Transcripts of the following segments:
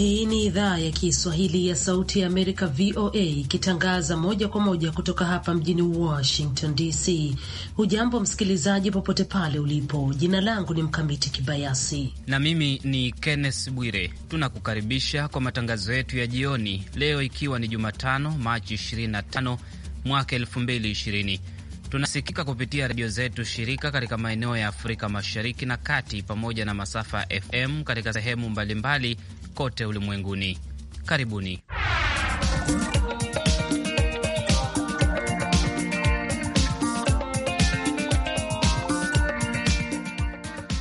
Hii ni idhaa ya Kiswahili ya Sauti ya Amerika, VOA, ikitangaza moja kwa moja kutoka hapa mjini Washington DC. Hujambo msikilizaji, popote pale ulipo. Jina langu ni Mkamiti Kibayasi na mimi ni Kenneth Bwire. Tunakukaribisha kwa matangazo yetu ya jioni leo, ikiwa ni Jumatano, Machi 25 mwaka 2020. Tunasikika kupitia redio zetu shirika katika maeneo ya Afrika Mashariki na Kati, pamoja na masafa ya FM katika sehemu mbalimbali kote ulimwenguni. Karibuni.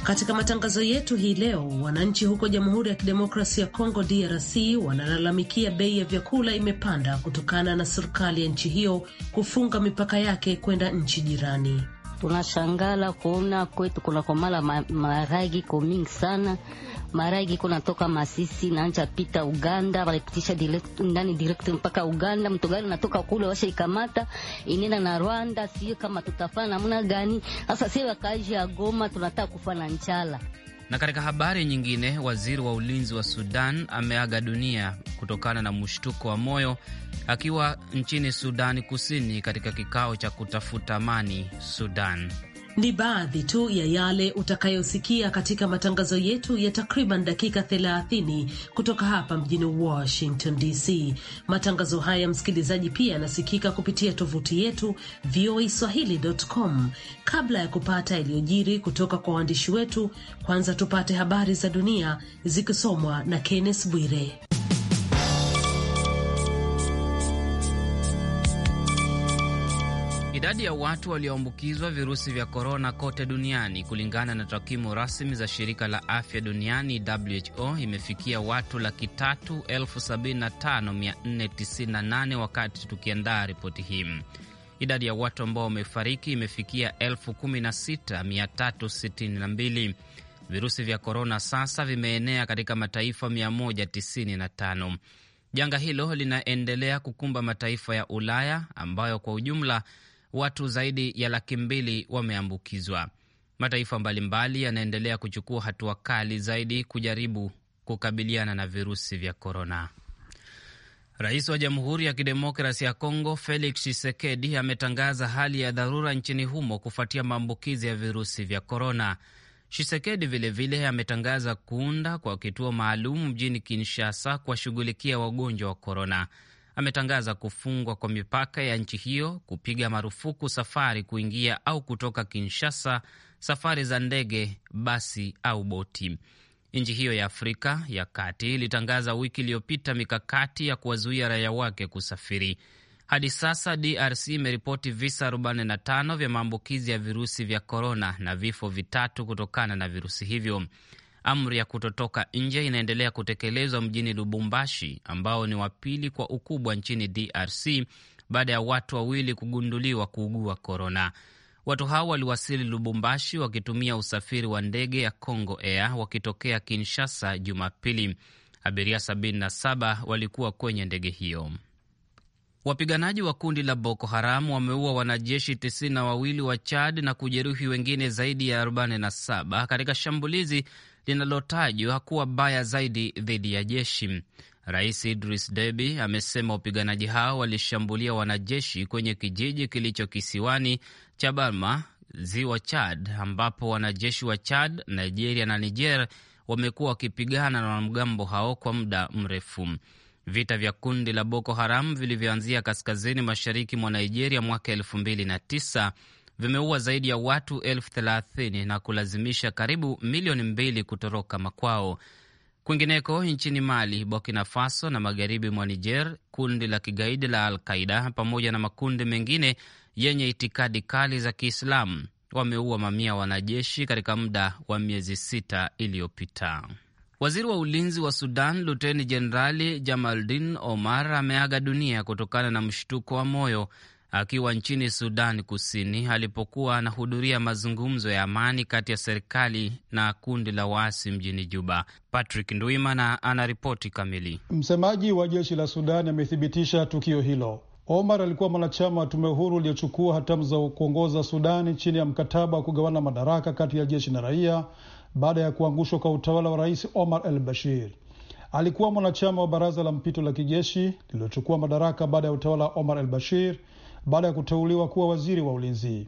Katika matangazo yetu hii leo, wananchi huko Jamhuri ya Kidemokrasia ya Kongo DRC wanalalamikia bei ya vyakula imepanda kutokana na serikali ya nchi hiyo kufunga mipaka yake kwenda nchi jirani. Tunashangala kuona kwetu kuna komala maragi mingi sana maragi iko natoka Masisi naanja pita Uganda, walipitisha direct, ndani direct mpaka Uganda. Mtu gani natoka kule washa ikamata inena na Rwanda, sio kama tutafana namna gani? Sasa sisi wakaji ya Goma tunataka kufa na njala. Na katika habari nyingine, waziri wa ulinzi wa Sudan ameaga dunia kutokana na mshtuko wa moyo akiwa nchini Sudani Kusini katika kikao cha kutafuta amani Sudan. Ni baadhi tu ya yale utakayosikia katika matangazo yetu ya takriban dakika 30 kutoka hapa mjini Washington DC. Matangazo haya, msikilizaji, pia yanasikika kupitia tovuti yetu voaswahili.com. Kabla ya kupata yaliyojiri kutoka kwa waandishi wetu, kwanza tupate habari za dunia zikisomwa na Kenneth Bwire. Idadi ya watu walioambukizwa virusi vya korona kote duniani kulingana na takwimu rasmi za shirika la afya duniani WHO imefikia watu laki tatu elfu sabini na tano mia nne tisini na nane wakati tukiandaa ripoti hii. Idadi ya watu ambao wamefariki imefikia elfu kumi na sita mia tatu sitini na mbili. Virusi vya korona sasa vimeenea katika mataifa 195. Janga hilo linaendelea kukumba mataifa ya Ulaya ambayo kwa ujumla watu zaidi ya laki mbili wameambukizwa. Mataifa mbalimbali yanaendelea kuchukua hatua kali zaidi kujaribu kukabiliana na virusi vya korona. Rais wa Jamhuri ya Kidemokrasi ya Kongo Felix Tshisekedi ametangaza hali ya dharura nchini humo kufuatia maambukizi ya virusi vya korona. Tshisekedi vilevile ametangaza kuunda kwa kituo maalum mjini Kinshasa kuwashughulikia wagonjwa wa korona ametangaza kufungwa kwa mipaka ya nchi hiyo, kupiga marufuku safari kuingia au kutoka Kinshasa, safari za ndege, basi au boti. Nchi hiyo ya Afrika ya Kati ilitangaza wiki iliyopita mikakati ya kuwazuia raia wake kusafiri. Hadi sasa DRC imeripoti visa 45 vya maambukizi ya virusi vya korona na vifo vitatu kutokana na virusi hivyo. Amri ya kutotoka nje inaendelea kutekelezwa mjini Lubumbashi, ambao ni wa pili kwa ukubwa nchini DRC baada ya watu wawili kugunduliwa kuugua korona. Watu hao waliwasili Lubumbashi wakitumia usafiri wa ndege ya Congo Air wakitokea Kinshasa Jumapili. Abiria 77 walikuwa kwenye ndege hiyo. Wapiganaji wa kundi la Boko Haram wameua wanajeshi 9 wawili wa Chad na kujeruhi wengine zaidi ya 47 katika shambulizi linalotajwa kuwa baya zaidi dhidi ya jeshi. Rais Idris Deby amesema wapiganaji hao walishambulia wanajeshi kwenye kijiji kilicho kisiwani cha barma ziwa Chad, ambapo wanajeshi wa Chad, Nigeria na Niger wamekuwa wakipigana na wanamgambo hao kwa muda mrefu. Vita vya kundi la Boko Haram vilivyoanzia kaskazini mashariki mwa Nigeria mwaka elfu mbili na tisa vimeua zaidi ya watu elfu thelathini na kulazimisha karibu milioni mbili kutoroka makwao. Kwingineko nchini Mali, Burkina Faso na magharibi mwa Niger, kundi la kigaidi la Al Qaida pamoja na makundi mengine yenye itikadi kali za Kiislamu wameua mamia wanajeshi katika muda wa miezi sita iliyopita. Waziri wa ulinzi wa Sudan, Luteni Jenerali Jamaldin Omar ameaga dunia kutokana na mshtuko wa moyo akiwa nchini Sudan Kusini alipokuwa anahudhuria mazungumzo ya amani kati ya serikali na kundi la waasi mjini Juba. Patrick Ndwimana anaripoti kamili. Msemaji wa jeshi la Sudan amethibitisha tukio hilo. Omar alikuwa mwanachama wa tume huru iliyochukua hatamu za kuongoza Sudani chini ya mkataba wa kugawana madaraka kati ya jeshi na raia baada ya kuangushwa kwa utawala wa Rais Omar al Bashir. Alikuwa mwanachama wa baraza la mpito la kijeshi lililochukua madaraka baada ya utawala wa Omar al Bashir baada ya kuteuliwa kuwa waziri wa ulinzi.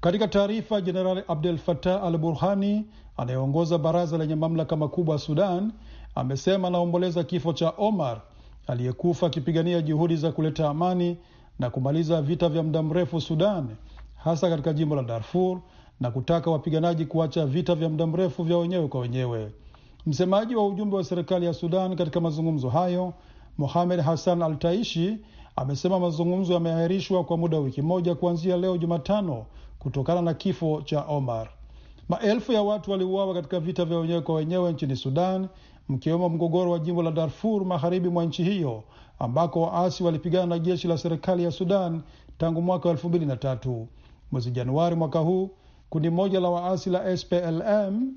Katika taarifa, Jenerali Abdel Fattah al Burhani anayeongoza baraza lenye mamlaka makubwa Sudan amesema anaomboleza kifo cha Omar aliyekufa akipigania juhudi za kuleta amani na kumaliza vita vya muda mrefu Sudan, hasa katika jimbo la Darfur na kutaka wapiganaji kuacha vita vya muda mrefu vya wenyewe kwa wenyewe. Msemaji wa ujumbe wa serikali ya Sudan katika mazungumzo hayo, Mohamed Hassan Al Taishi amesema mazungumzo yameahirishwa kwa muda wa wiki moja kuanzia leo Jumatano kutokana na kifo cha Omar. Maelfu ya watu waliuawa katika vita vya wenyewe kwa wenyewe nchini Sudan, mkiwemo mgogoro wa jimbo la Darfur magharibi mwa nchi hiyo ambako waasi walipigana na jeshi la serikali ya Sudan tangu mwaka wa elfu mbili na tatu. Mwezi Januari mwaka huu kundi moja la waasi la SPLM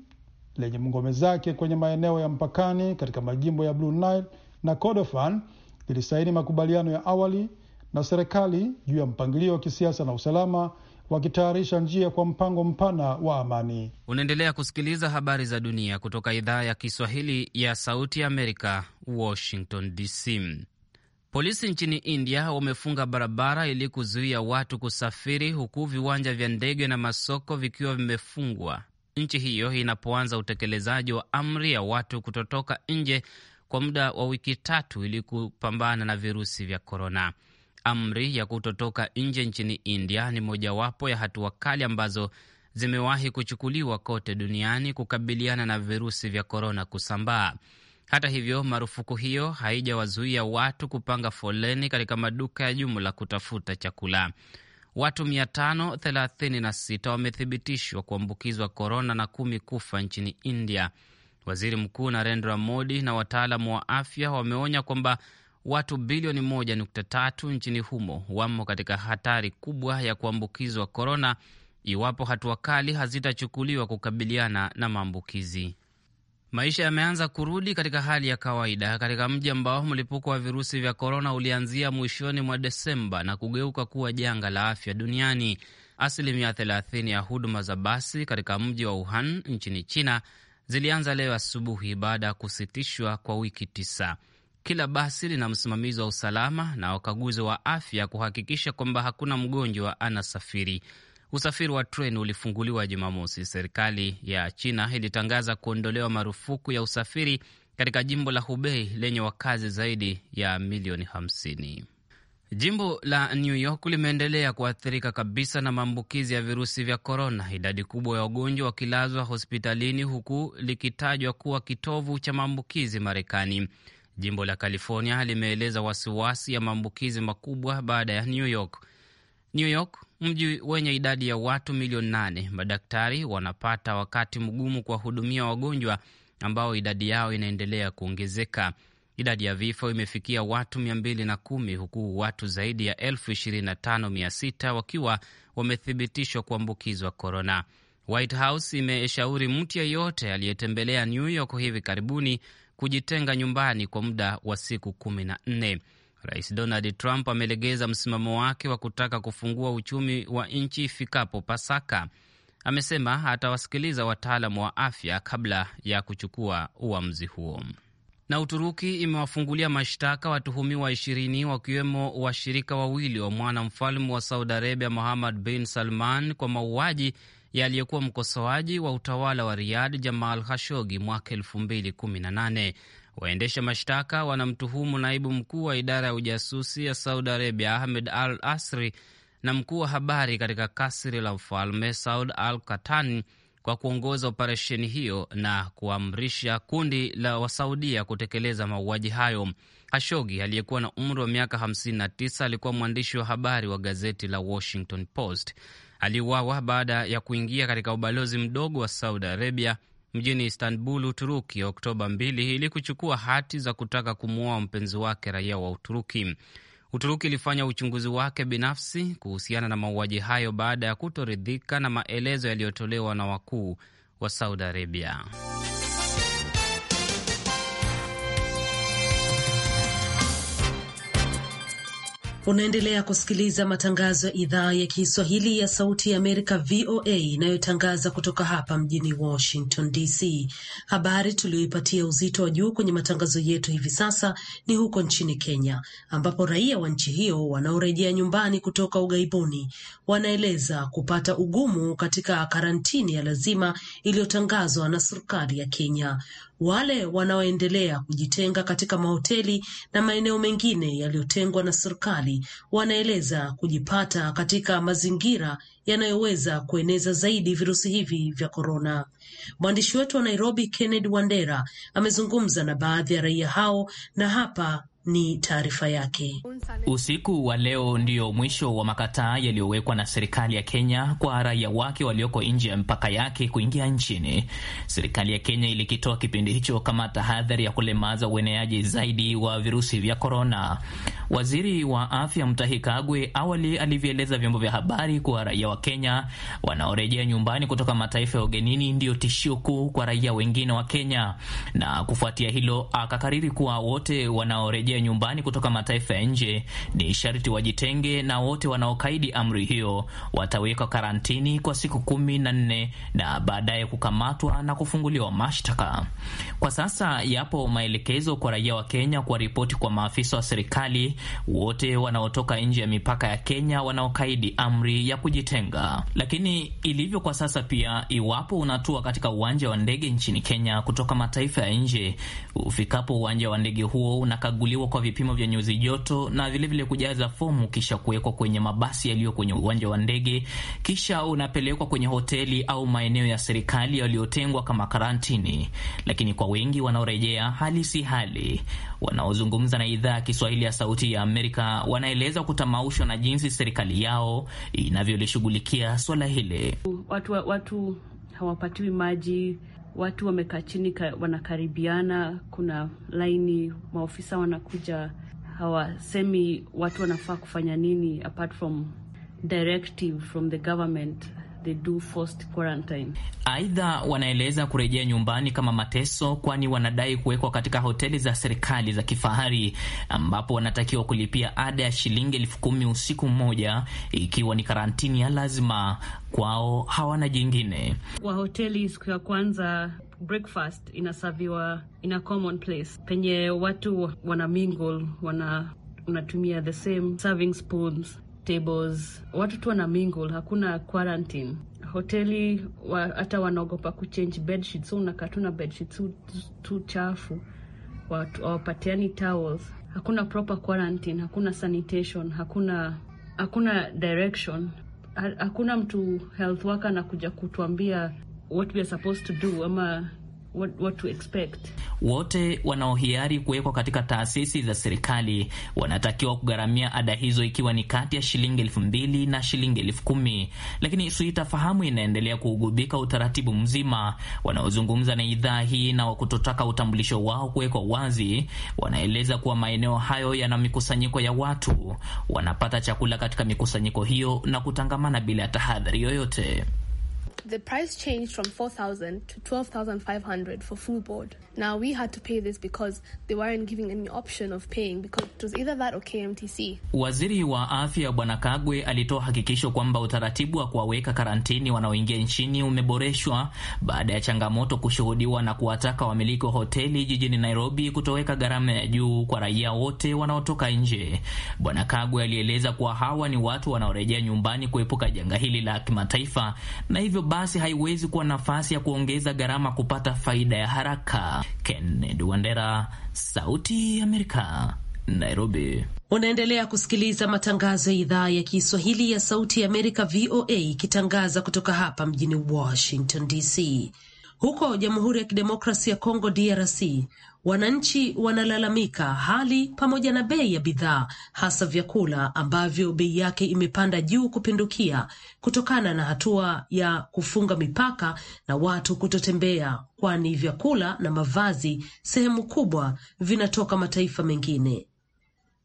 lenye ngome zake kwenye maeneo ya mpakani katika majimbo ya Blue Nile na Kordofan lilisaini makubaliano ya awali na serikali juu ya mpangilio wa kisiasa na usalama wakitayarisha njia kwa mpango mpana wa amani. Unaendelea kusikiliza habari za dunia kutoka idhaa ya Kiswahili ya Sauti ya Amerika, Washington DC. Polisi nchini India wamefunga barabara ili kuzuia watu kusafiri, huku viwanja vya ndege na masoko vikiwa vimefungwa, nchi hiyo inapoanza utekelezaji wa amri ya watu kutotoka nje kwa muda wa wiki tatu ili kupambana na virusi vya korona. Amri ya kutotoka nje nchini India ni mojawapo ya hatua kali ambazo zimewahi kuchukuliwa kote duniani kukabiliana na virusi vya korona kusambaa. Hata hivyo, marufuku hiyo haijawazuia watu kupanga foleni katika maduka ya jumla kutafuta chakula. Watu 536 wamethibitishwa kuambukizwa korona na kumi kufa nchini India. Waziri Mkuu Narendra Modi na wataalamu wa afya wameonya kwamba watu bilioni 1.3 nchini humo wamo katika hatari kubwa ya kuambukizwa korona iwapo hatua kali hazitachukuliwa kukabiliana na maambukizi. Maisha yameanza kurudi katika hali ya kawaida katika mji ambao mlipuko wa virusi vya korona ulianzia mwishoni mwa Desemba na kugeuka kuwa janga la afya duniani. Asilimia 30 ya huduma za basi katika mji wa Wuhan nchini China zilianza leo asubuhi baada ya kusitishwa kwa wiki tisa. Kila basi lina msimamizi wa usalama na wakaguzi wa afya kuhakikisha kwamba hakuna mgonjwa anasafiri. Usafiri wa treni ulifunguliwa Jumamosi. Serikali ya China ilitangaza kuondolewa marufuku ya usafiri katika jimbo la Hubei lenye wakazi zaidi ya milioni hamsini. Jimbo la New York limeendelea kuathirika kabisa na maambukizi ya virusi vya korona, idadi kubwa ya wagonjwa wakilazwa hospitalini, huku likitajwa kuwa kitovu cha maambukizi Marekani. Jimbo la California limeeleza wasiwasi ya maambukizi makubwa baada ya New York. New York, mji wenye idadi ya watu milioni nane, madaktari wanapata wakati mgumu kuwahudumia wagonjwa ambao idadi yao inaendelea kuongezeka. Idadi ya vifo imefikia watu 210 huku watu zaidi ya 25600 wakiwa wamethibitishwa kuambukizwa korona. White House imeshauri mtu yeyote aliyetembelea New York hivi karibuni kujitenga nyumbani kwa muda wa siku kumi na nne. Rais Donald Trump amelegeza msimamo wake wa kutaka kufungua uchumi wa nchi ifikapo Pasaka. Amesema atawasikiliza wataalamu wa afya kabla ya kuchukua uamuzi huo na Uturuki imewafungulia mashtaka watuhumiwa ishirini wakiwemo washirika wawili wa mwana mfalme wa Saudi Arabia Muhammad bin Salman kwa mauaji yaliyekuwa mkosoaji wa utawala wa Riyad Jamal Khashoggi mwaka 2018. Waendesha mashtaka wanamtuhumu naibu mkuu wa idara ya ujasusi ya Saudi Arabia Ahmed Al Asri na mkuu wa habari katika kasri la mfalme Saud Al Katani kwa kuongoza operesheni hiyo na kuamrisha kundi la wasaudia kutekeleza mauaji hayo. Hashogi aliyekuwa na umri wa miaka 59 alikuwa mwandishi wa habari wa gazeti la Washington Post. Aliuawa baada ya kuingia katika ubalozi mdogo wa Saudi Arabia mjini Istanbul, Uturuki, Oktoba 2 ili kuchukua hati za kutaka kumuoa mpenzi wake raia wa Uturuki. Uturuki ilifanya uchunguzi wake binafsi kuhusiana na mauaji hayo baada ya kutoridhika na maelezo yaliyotolewa na wakuu wa Saudi Arabia. Unaendelea kusikiliza matangazo ya idhaa ya Kiswahili ya Sauti ya Amerika, VOA, inayotangaza kutoka hapa mjini Washington DC. Habari tuliyoipatia uzito wa juu kwenye matangazo yetu hivi sasa ni huko nchini Kenya, ambapo raia wa nchi hiyo wanaorejea nyumbani kutoka ughaibuni wanaeleza kupata ugumu katika karantini ya lazima iliyotangazwa na serikali ya Kenya wale wanaoendelea kujitenga katika mahoteli na maeneo mengine yaliyotengwa na serikali wanaeleza kujipata katika mazingira yanayoweza kueneza zaidi virusi hivi vya korona. Mwandishi wetu wa Nairobi Kennedy Wandera amezungumza na baadhi ya raia hao na hapa ni taarifa yake. Usiku wa leo ndio mwisho wa makataa yaliyowekwa na serikali ya Kenya kwa raia wake walioko nje ya mpaka yake kuingia nchini. Serikali ya Kenya ilikitoa kipindi hicho kama tahadhari ya kulemaza ueneaji zaidi wa virusi vya korona. Waziri wa afya Mutahi Kagwe awali alivyoeleza vyombo vya habari kuwa raia wa Kenya wanaorejea nyumbani kutoka mataifa ya ugenini ndio tishio kuu kwa raia wengine wa Kenya, na kufuatia hilo akakariri kuwa wote wanaorejea kurejea nyumbani kutoka mataifa ya nje, ni sharti wajitenge, na wote wanaokaidi amri hiyo watawekwa karantini kwa siku kumi na nne na baadaye kukamatwa na kufunguliwa mashtaka. Kwa sasa yapo maelekezo kwa raia wa Kenya kuwaripoti kwa maafisa wa serikali wote wanaotoka nje ya mipaka ya Kenya wanaokaidi amri ya kujitenga. Lakini ilivyo kwa sasa, pia iwapo unatua katika uwanja wa ndege nchini Kenya kutoka mataifa ya nje, ufikapo uwanja wa ndege huo unakaguliwa kuchukuliwa kwa vipimo vya nyuzi joto na vilevile vile kujaza fomu kisha kuwekwa kwenye mabasi yaliyo kwenye uwanja wa ndege, kisha unapelekwa kwenye hoteli au maeneo ya serikali yaliyotengwa kama karantini. Lakini kwa wengi wanaorejea, hali si hali. Wanaozungumza na idhaa ya Kiswahili ya Sauti ya Amerika wanaeleza kutamaushwa na jinsi serikali yao inavyolishughulikia swala hili. Watu, watu hawapatiwi maji watu wamekaa chini, wanakaribiana, kuna laini, maofisa wanakuja, hawasemi watu wanafaa kufanya nini apart from directive from the government they do forced quarantine. Aidha, wanaeleza kurejea nyumbani kama mateso, kwani wanadai kuwekwa katika hoteli za serikali za kifahari ambapo wanatakiwa kulipia ada ya shilingi elfu kumi usiku mmoja, ikiwa ni karantini ya lazima. Kwao hawana jingine. Wa hoteli siku ya kwanza breakfast inasaviwa in a common place penye watu wana mingle, wana unatumia the same serving spoons tables, watu tu wana mingle, hakuna quarantine. Hoteli wa, hata wanaogopa kuchange bedsheets, so unakaa tu na bedsheets tu, tu chafu, hawapatiani towels, hakuna proper quarantine, hakuna sanitation, hakuna hakuna direction, hakuna mtu health worker anakuja kutuambia what we are supposed to do ama What, what to expect. Wote wanaohiari kuwekwa katika taasisi za serikali wanatakiwa kugharamia ada hizo ikiwa ni kati ya shilingi elfu mbili na shilingi elfu kumi lakini fahamu inaendelea kuugubika utaratibu mzima. Wanaozungumza na idhaa hii na wakutotaka utambulisho wao kuwekwa wazi wanaeleza kuwa maeneo hayo yana mikusanyiko ya watu, wanapata chakula katika mikusanyiko hiyo na kutangamana bila tahadhari yoyote. The price changed from 4,000 to 12,500 for full board. Now we had to pay this because they weren't giving any option of paying because it was either that or KMTC. Waziri wa Afya Bwana Kagwe alitoa hakikisho kwamba utaratibu wa kuwaweka karantini wanaoingia nchini umeboreshwa baada ya changamoto kushuhudiwa na kuwataka wamiliki wa hoteli jijini Nairobi kutoweka gharama ya juu kwa raia wote wanaotoka nje. Bwana Kagwe alieleza kuwa hawa ni watu wanaorejea nyumbani kuepuka janga hili la kimataifa na hivyo basi haiwezi kuwa nafasi ya kuongeza gharama kupata faida ya haraka. Kennedy Wandera, Sauti ya Amerika, Nairobi. Unaendelea kusikiliza matangazo ya idhaa ya Kiswahili ya Sauti ya Amerika, VOA, ikitangaza kutoka hapa mjini Washington DC. Huko Jamhuri ya Kidemokrasi ya Kongo, DRC, Wananchi wanalalamika hali pamoja na bei ya bidhaa, hasa vyakula ambavyo bei yake imepanda juu kupindukia kutokana na hatua ya kufunga mipaka na watu kutotembea, kwani vyakula na mavazi sehemu kubwa vinatoka mataifa mengine.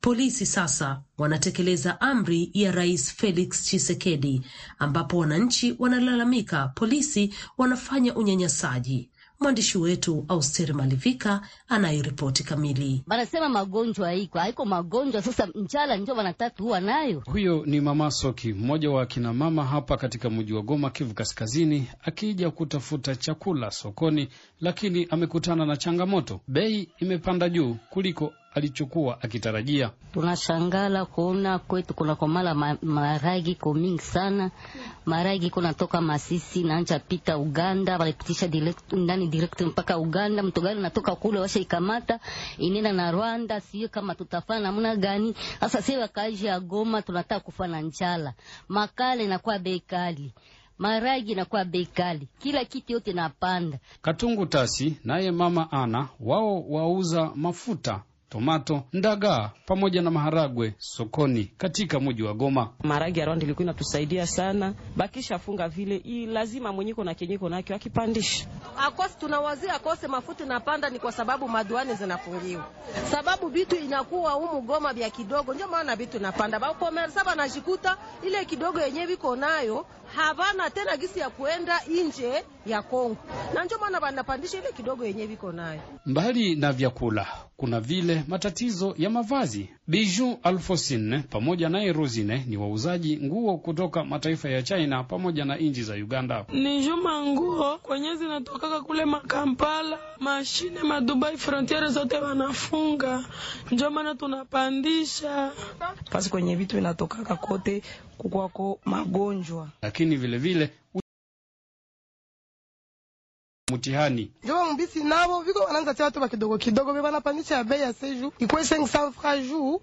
Polisi sasa wanatekeleza amri ya Rais Felix Tshisekedi, ambapo wananchi wanalalamika polisi wanafanya unyanyasaji Mwandishi wetu Austeri Malivika anayeripoti kamili. Banasema magonjwa iko haiko magonjwa, sasa mchala njo wanatatu huwa nayo. Huyo ni Mama Soki, mmoja wa akina mama hapa katika mji wa Goma, Kivu Kaskazini, akija kutafuta chakula sokoni, lakini amekutana na changamoto. Bei imepanda juu kuliko alichokuwa akitarajia. Tunashangala kuona kwetu kunakomala ma, maragi mingi sana maragi kunatoka Masisi naanja pita Uganda, walipitisha direct, ndani direct mpaka Uganda. mtu gani natoka kule washa ikamata inena na Rwanda, sio kama tutafana namna gani? Sasa sisi wakaaji ya Goma tunataka kufa na njala, makale inakuwa bei kali maragi inakuwa bei kali, kila kitu yote napanda. Katungu Tasi naye mama ana wao wauza mafuta tomato, ndagaa pamoja na maharagwe sokoni katika mji wa Goma. Maharagi ya Rwanda ilikuwa inatusaidia sana, bakisha funga vile i lazima mwenyeko na kenyeko nake akipandisha akosi tunawazia akose mafuta napanda ni kwa sababu maduani zinafungiwa, sababu vitu inakuwa humu Goma vya kidogo, ndio maana vitu napanda ba commerce saba ile kidogo yenyewe viko nayo havana tena gisi ya kuenda nje ya Kongo, na ndio maana wanapandisha ile kidogo yenye viko nayo. Mbali na vyakula, kuna vile matatizo ya mavazi. Biju Alfosin pamoja naye Rosine ni wauzaji nguo kutoka mataifa ya China pamoja na nchi za Uganda. Ni juma nguo kwenye zinatokaka kule Makampala, mashine Madubai, frontiere zote wanafunga, ndio maana tunapandisha pasi kwenye vitu vinatokaka kote kukwako magonjwa, lakini vilevile mtihani njo mbisi nabo viko wanaanza tena bakidogo kidogo kidogo, bebanapandisha bei ya seju ikwe 500 fra francs jour,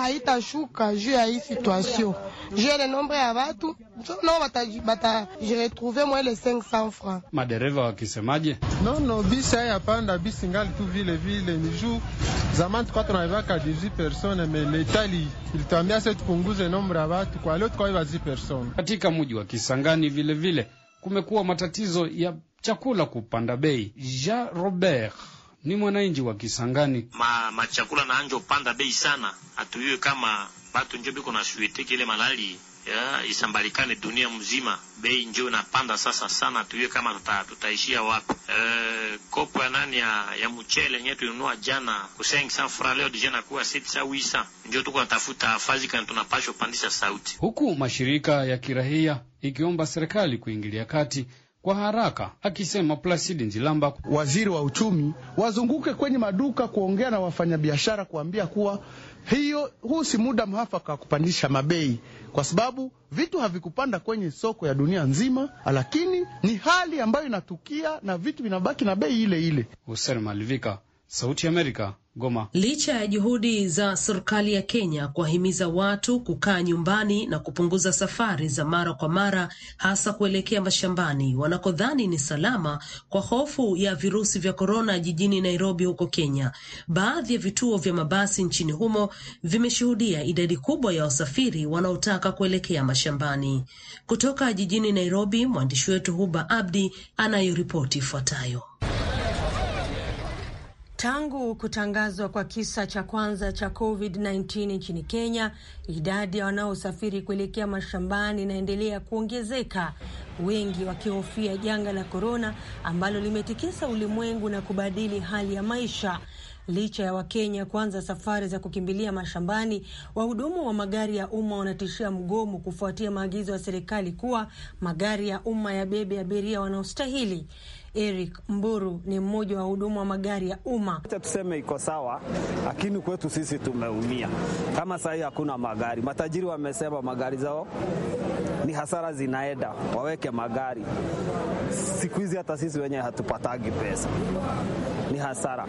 haita shuka ju ya hii situation, juu ya nombre ya watu batu nao batajiretrouve mwele 500 fra Madereva wakisemaje? Nono, bisi haya panda bisi ngali tu vile vile ni juu zamani tukwa tunaivaka 18 persone me letali ilitwambia se tupunguze nombre ya watu kwa leo tukwa 10 persone. Katika muji wa Kisangani vile vile, kumekuwa matatizo ya chakula kupanda bei. Jean Robert ni mwananchi wa Kisangani. Ma, ma chakula na anjo panda bei sana, atuyue kama batu njo biko na sueteke ile malali ya isambalikane dunia mzima, bei njo inapanda sasa sana, tuiwe kama tuta, tutaishia wapi? E, kopo ya nani ya, ya mchele yenyewe tuinunua jana ku 500 francs leo dijana kuwa 700 800, njo tuko natafuta fazi kani tunapasha kupandisha sauti, huku mashirika ya kirahia ikiomba serikali kuingilia kati kwa haraka, akisema Plasidi Nzilamba, waziri wa uchumi, wazunguke kwenye maduka kuongea na wafanyabiashara, kuambia kuwa hiyo huu si muda mwafaka wa kupandisha mabei, kwa sababu vitu havikupanda kwenye soko ya dunia nzima, lakini ni hali ambayo inatukia na vitu vinabaki na bei ile ile. Hussein Malivika, Sauti Amerika, Goma. Licha ya juhudi za serikali ya Kenya kuwahimiza watu kukaa nyumbani na kupunguza safari za mara kwa mara, hasa kuelekea mashambani wanakodhani ni salama kwa hofu ya virusi vya korona, jijini Nairobi huko Kenya, baadhi ya vituo vya mabasi nchini humo vimeshuhudia idadi kubwa ya wasafiri wanaotaka kuelekea mashambani. Kutoka jijini Nairobi, mwandishi wetu Huba Abdi anayoripoti ifuatayo. Tangu kutangazwa kwa kisa cha kwanza cha COVID-19 nchini Kenya, idadi ya wanaosafiri kuelekea mashambani inaendelea kuongezeka, wengi wakihofia janga la korona ambalo limetikisa ulimwengu na kubadili hali ya maisha. Licha ya Wakenya kuanza safari za kukimbilia mashambani, wahudumu wa magari ya umma wanatishia mgomo kufuatia maagizo ya serikali kuwa magari ya umma yabebe abiria wanaostahili. Eric Mburu ni mmoja wa huduma wa magari ya umma. Acha tuseme iko sawa, lakini kwetu sisi tumeumia. Kama sahii hakuna magari, matajiri wamesema magari zao ni hasara zinaenda, waweke magari. Siku hizi hata sisi wenyewe hatupatagi pesa, ni hasara.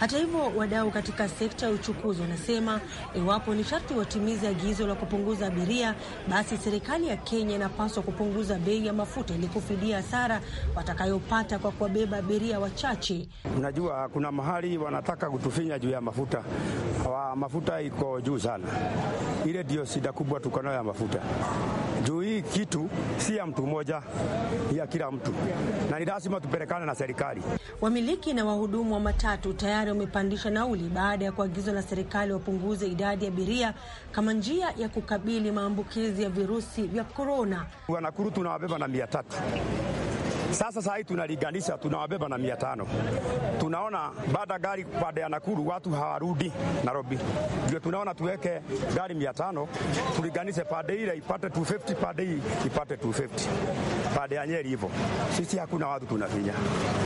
Hata hivyo, wadau katika sekta ya uchukuzi wanasema iwapo ni sharti watimize agizo la kupunguza abiria, basi serikali ya Kenya inapaswa kupunguza bei ya mafuta ili kufidia hasara watakayopata kwa kuwabeba abiria wachache. unajua kuna mahali wanataka kutufinya juu ya mafuta wa mafuta iko juu sana, ile ndio shida kubwa tuko nayo ya mafuta juu hii kitu si ya mtu mmoja, ya kila mtu, na ni lazima tupelekane na serikali. Wamiliki na wahudumu wa matatu tayari wamepandisha nauli baada ya kuagizwa na serikali wapunguze idadi ya abiria kama njia ya kukabili maambukizi ya virusi vya korona. Wanakuru tunawabeba na mia tatu sasa sahii tunaliganisha, tunawabeba na mia tano. Tunaona baada gari baada ya Nakuru watu hawarudi Nairobi, ndio tunaona tuweke gari mia tano tuliganishe, pade ile ipate 250, pade hii ipate 250, pade ya Nyeri hivyo. Sisi hakuna watu tunafinya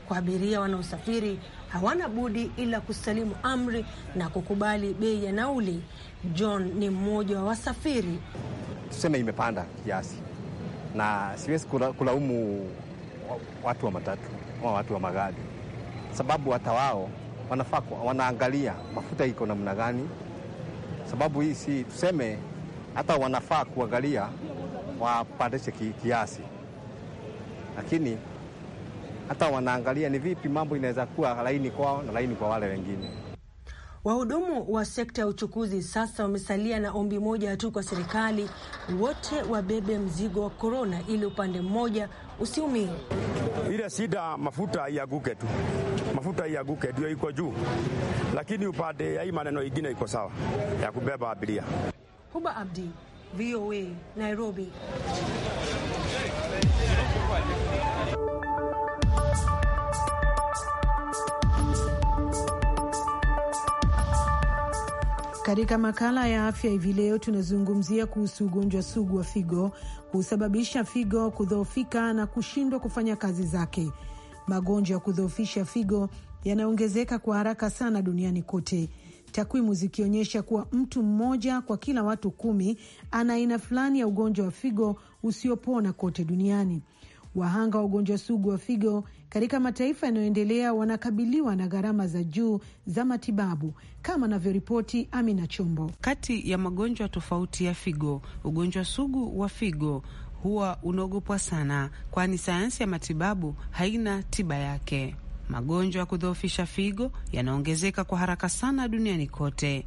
kwa abiria wanaosafiri hawana budi ila kusalimu amri na kukubali bei ya nauli. John ni mmoja wa wasafiri. Tuseme imepanda kiasi na siwezi kulaumu watu wa matatu ama watu wa magari, sababu hata wao wanafaa wanaangalia mafuta iko namna gani, sababu hii si tuseme, hata wanafaa kuangalia wapandishe kiasi, lakini hata wanaangalia ni vipi mambo inaweza kuwa laini kwao na laini kwa wale wengine. Wahudumu wa sekta ya uchukuzi sasa wamesalia na ombi moja tu kwa serikali, wote wabebe mzigo wa korona ili upande mmoja usiumie. Ile sida mafuta iaguke tu, mafuta iaguke ndio iko juu, lakini upande ya hii maneno ingine iko sawa ya kubeba abiria. Huba Abdi, VOA, Nairobi. Katika makala ya afya hivi leo tunazungumzia kuhusu ugonjwa sugu wa figo husababisha figo kudhoofika na kushindwa kufanya kazi zake. Magonjwa ya kudhoofisha figo yanaongezeka kwa haraka sana duniani kote, takwimu zikionyesha kuwa mtu mmoja kwa kila watu kumi ana aina fulani ya ugonjwa wa figo usiopona kote duniani. Wahanga wa ugonjwa sugu wa figo katika mataifa yanayoendelea wanakabiliwa na gharama za juu za matibabu, kama anavyoripoti Amina Chombo. Kati ya magonjwa tofauti ya figo, ugonjwa sugu wa figo huwa unaogopwa sana, kwani sayansi ya matibabu haina tiba yake. Magonjwa ya kudhoofisha figo yanaongezeka kwa haraka sana duniani kote.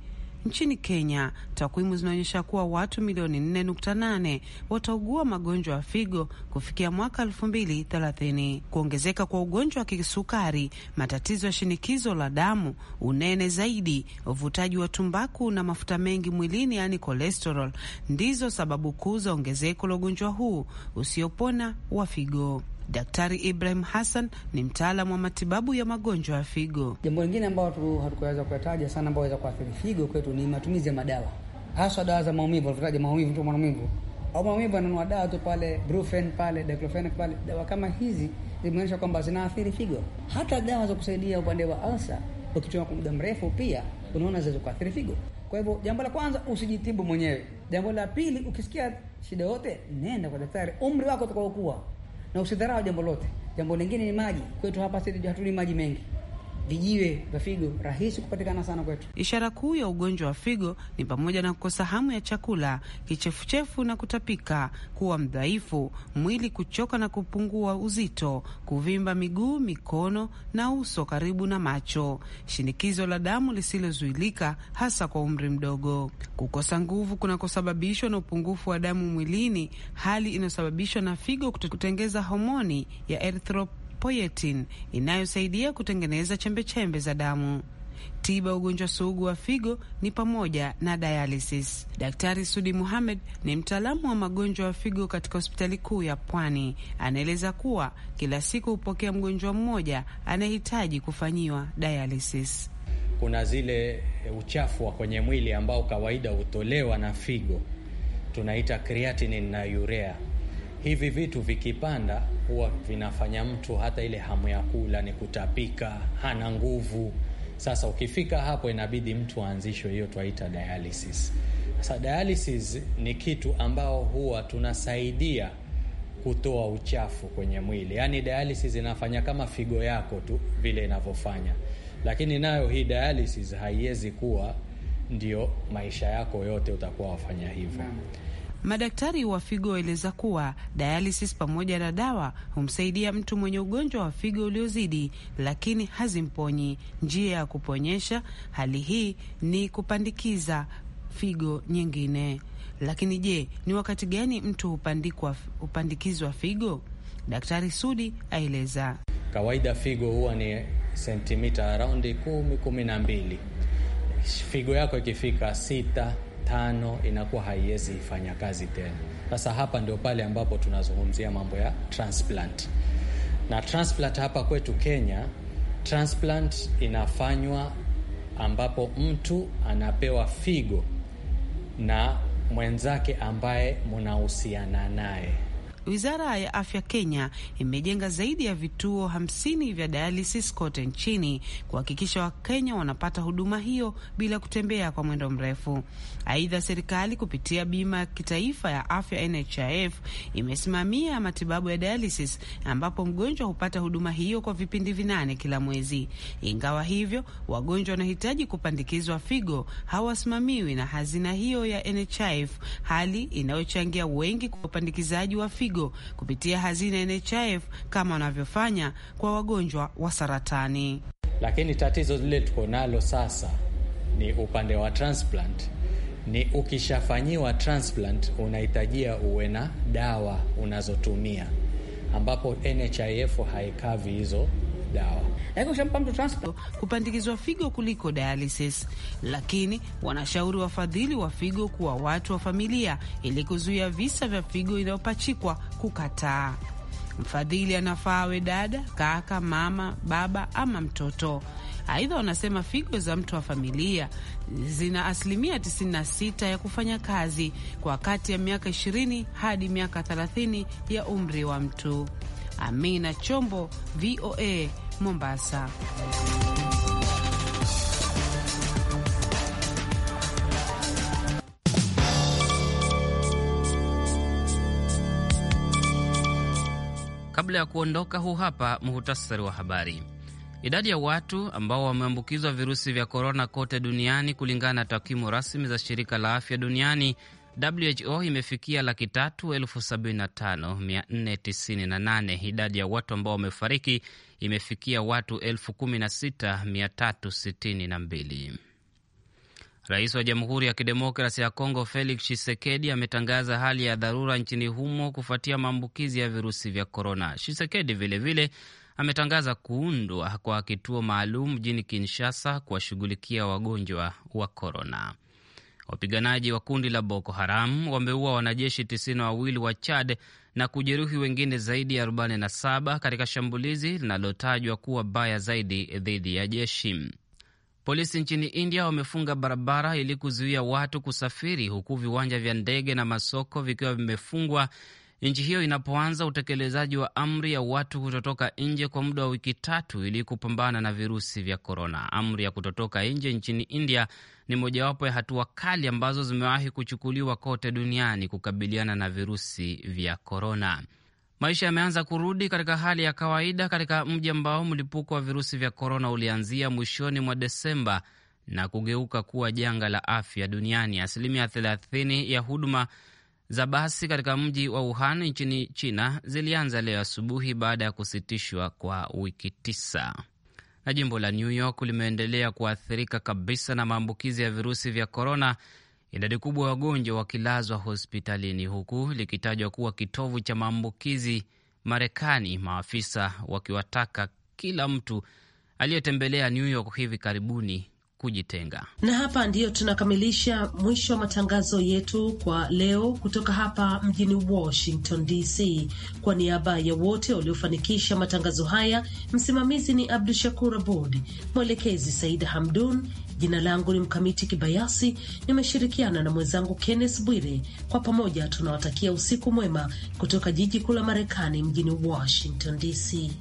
Nchini Kenya, takwimu zinaonyesha kuwa watu milioni 4.8 wataugua magonjwa ya figo kufikia mwaka 2030. Kuongezeka kwa ugonjwa wa kisukari, matatizo ya shinikizo la damu, unene zaidi, uvutaji wa tumbaku na mafuta mengi mwilini, yaani cholesterol, ndizo sababu kuu za ongezeko la ugonjwa huu usiopona wa figo. Daktari Ibrahim Hassan ni mtaalamu wa matibabu ya magonjwa ya figo. Jambo lingine ambao hatukuweza kuyataja sana, ambao weza kuathiri figo kwetu ni matumizi ya madawa, haswa dawa za maumivu. Alivyotaja maumivu tu, maumivu au maumivu, ananua dawa tu pale, brufen pale, diclofenac pale. Dawa kama hizi zimeonyesha kwamba zinaathiri figo. Hata dawa za kusaidia upande wa alsa ukitumia kwa muda mrefu, pia unaona zinaweza kuathiri figo. Kwa hivyo jambo la kwanza usijitibu mwenyewe. Jambo la pili, ukisikia shida yote, nenda kwa daktari, umri wako utakaokuwa na usidharau jambo lote. Jambo lingine ni maji. Kwetu hapa sisi hatuni maji mengi, vijiwe vya figo rahisi kupatikana sana kwetu. Ishara kuu ya ugonjwa wa figo ni pamoja na kukosa hamu ya chakula, kichefuchefu na kutapika, kuwa mdhaifu, mwili kuchoka na kupungua uzito, kuvimba miguu, mikono na uso karibu na macho, shinikizo la damu lisilozuilika hasa kwa umri mdogo, kukosa nguvu kunakosababishwa na upungufu wa damu mwilini, hali inayosababishwa na figo kutengeza homoni ya erythropoietin poietin inayosaidia kutengeneza chembechembe -chembe za damu. Tiba ugonjwa sugu wa figo ni pamoja na dialysis. Daktari Sudi Muhamed ni mtaalamu wa magonjwa ya figo katika hospitali kuu ya Pwani. Anaeleza kuwa kila siku hupokea mgonjwa mmoja anayehitaji kufanyiwa dialysis. Kuna zile eh, uchafu wa kwenye mwili ambao kawaida hutolewa na figo, tunaita creatinine na urea hivi vitu vikipanda huwa vinafanya mtu hata ile hamu ya kula ni kutapika, hana nguvu. Sasa ukifika hapo, inabidi mtu aanzishwe hiyo twaita dialysis. Sasa dialysis ni kitu ambao huwa tunasaidia kutoa uchafu kwenye mwili, yaani dialysis inafanya kama figo yako tu vile inavyofanya, lakini nayo hii dialysis haiwezi kuwa ndio maisha yako yote utakuwa wafanya hivyo. Madaktari wa figo waeleza kuwa dialysis pamoja na dawa humsaidia mtu mwenye ugonjwa wa figo uliozidi, lakini hazimponyi. Njia ya kuponyesha hali hii ni kupandikiza figo nyingine. Lakini je, ni wakati gani mtu hupandikizwa figo? Daktari Sudi aeleza. Kawaida figo huwa ni sentimita raundi kumi kumi na mbili. Figo yako ikifika sita tano inakuwa haiwezi ifanya kazi tena. Sasa hapa ndio pale ambapo tunazungumzia mambo ya transplant, na transplant hapa kwetu Kenya, transplant inafanywa ambapo mtu anapewa figo na mwenzake ambaye mnahusiana naye wizara ya afya Kenya imejenga zaidi ya vituo hamsini vya dialysis kote nchini kuhakikisha Wakenya wanapata huduma hiyo bila kutembea kwa mwendo mrefu. Aidha, serikali kupitia bima ya kitaifa ya afya NHIF imesimamia matibabu ya dialysis, ambapo mgonjwa hupata huduma hiyo kwa vipindi vinane kila mwezi. Ingawa hivyo, wagonjwa wanahitaji kupandikizwa figo hawasimamiwi na hazina hiyo ya NHIF, hali inayochangia wengi kwa upandikizaji wa figo mizigo kupitia hazina NHIF kama wanavyofanya kwa wagonjwa wa saratani. Lakini tatizo lile tuko nalo sasa ni upande wa transplant ni ukishafanyiwa transplant unahitajia uwe na dawa unazotumia ambapo NHIF haikavi hizo dawa, lakini ushampa mtu transplant kupandikizwa figo kuliko dialysis. Lakini wanashauri wafadhili wa figo kuwa watu wa familia, ili kuzuia visa vya figo inayopachikwa kukataa. Mfadhili anafaa awe dada, kaka, mama, baba ama mtoto. Aidha, wanasema figo za mtu wa familia zina asilimia 96 ya kufanya kazi kwa kati ya miaka 20 hadi miaka 30 ya umri wa mtu. Amina Chombo, VOA Mombasa. Kabla ya kuondoka, huu hapa muhutasari wa habari. Idadi ya watu ambao wameambukizwa virusi vya korona kote duniani kulingana na takwimu rasmi za shirika la afya duniani WHO imefikia laki tatu elfu sabini na tano mia nne tisini na nane. Idadi ya watu ambao wamefariki imefikia watu elfu kumi na sita mia tatu sitini na mbili. Rais wa Jamhuri ya Kidemokrasi ya Kongo Felix Tshisekedi ametangaza hali ya dharura nchini humo kufuatia maambukizi ya virusi vya korona. Tshisekedi vilevile ametangaza kuundwa kwa kituo maalum mjini Kinshasa kuwashughulikia wagonjwa wa korona. Wapiganaji wa kundi la Boko Haram wameua wanajeshi tisini na wawili wa Chad na kujeruhi wengine zaidi ya 47 katika shambulizi linalotajwa kuwa baya zaidi dhidi ya jeshi. Polisi nchini India wamefunga barabara ili kuzuia watu kusafiri, huku viwanja vya ndege na masoko vikiwa vimefungwa nchi hiyo inapoanza utekelezaji wa amri ya watu kutotoka nje kwa muda wa wiki tatu ili kupambana na virusi vya korona. Amri ya kutotoka nje nchini India ni mojawapo ya hatua kali ambazo zimewahi kuchukuliwa kote duniani kukabiliana na virusi vya korona. Maisha yameanza kurudi katika hali ya kawaida katika mji ambao mlipuko wa virusi vya korona ulianzia mwishoni mwa Desemba na kugeuka kuwa janga la afya duniani. Asilimia 30 ya huduma za basi katika mji wa Wuhan nchini China zilianza leo asubuhi baada ya kusitishwa kwa wiki tisa. Na jimbo la New York limeendelea kuathirika kabisa na maambukizi ya virusi vya korona, idadi kubwa ya wagonjwa wakilazwa hospitalini, huku likitajwa kuwa kitovu cha maambukizi Marekani, maafisa wakiwataka kila mtu aliyetembelea New York hivi karibuni kujitenga. Na hapa ndiyo tunakamilisha mwisho wa matangazo yetu kwa leo, kutoka hapa mjini Washington DC. Kwa niaba ya wote waliofanikisha matangazo haya, msimamizi ni Abdu Shakur Abud, mwelekezi Saida Hamdun. Jina langu ni Mkamiti Kibayasi, nimeshirikiana na mwenzangu Kenneth Bwire. Kwa pamoja tunawatakia usiku mwema kutoka jiji kuu la Marekani, mjini Washington DC.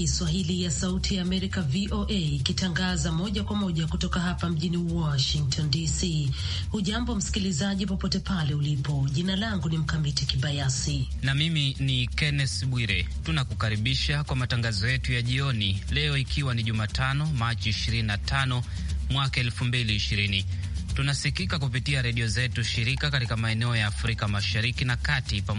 Kiswahili ya Sauti ya Amerika, VOA, ikitangaza moja kwa moja kutoka hapa mjini Washington DC. Hujambo msikilizaji, popote pale ulipo. Jina langu ni Mkamiti Kibayasi na mimi ni Kenneth Bwire. Tunakukaribisha kwa matangazo yetu ya jioni leo, ikiwa ni Jumatano Machi 25 mwaka 2020. Tunasikika kupitia redio zetu shirika katika maeneo ya Afrika Mashariki na Kati pamoja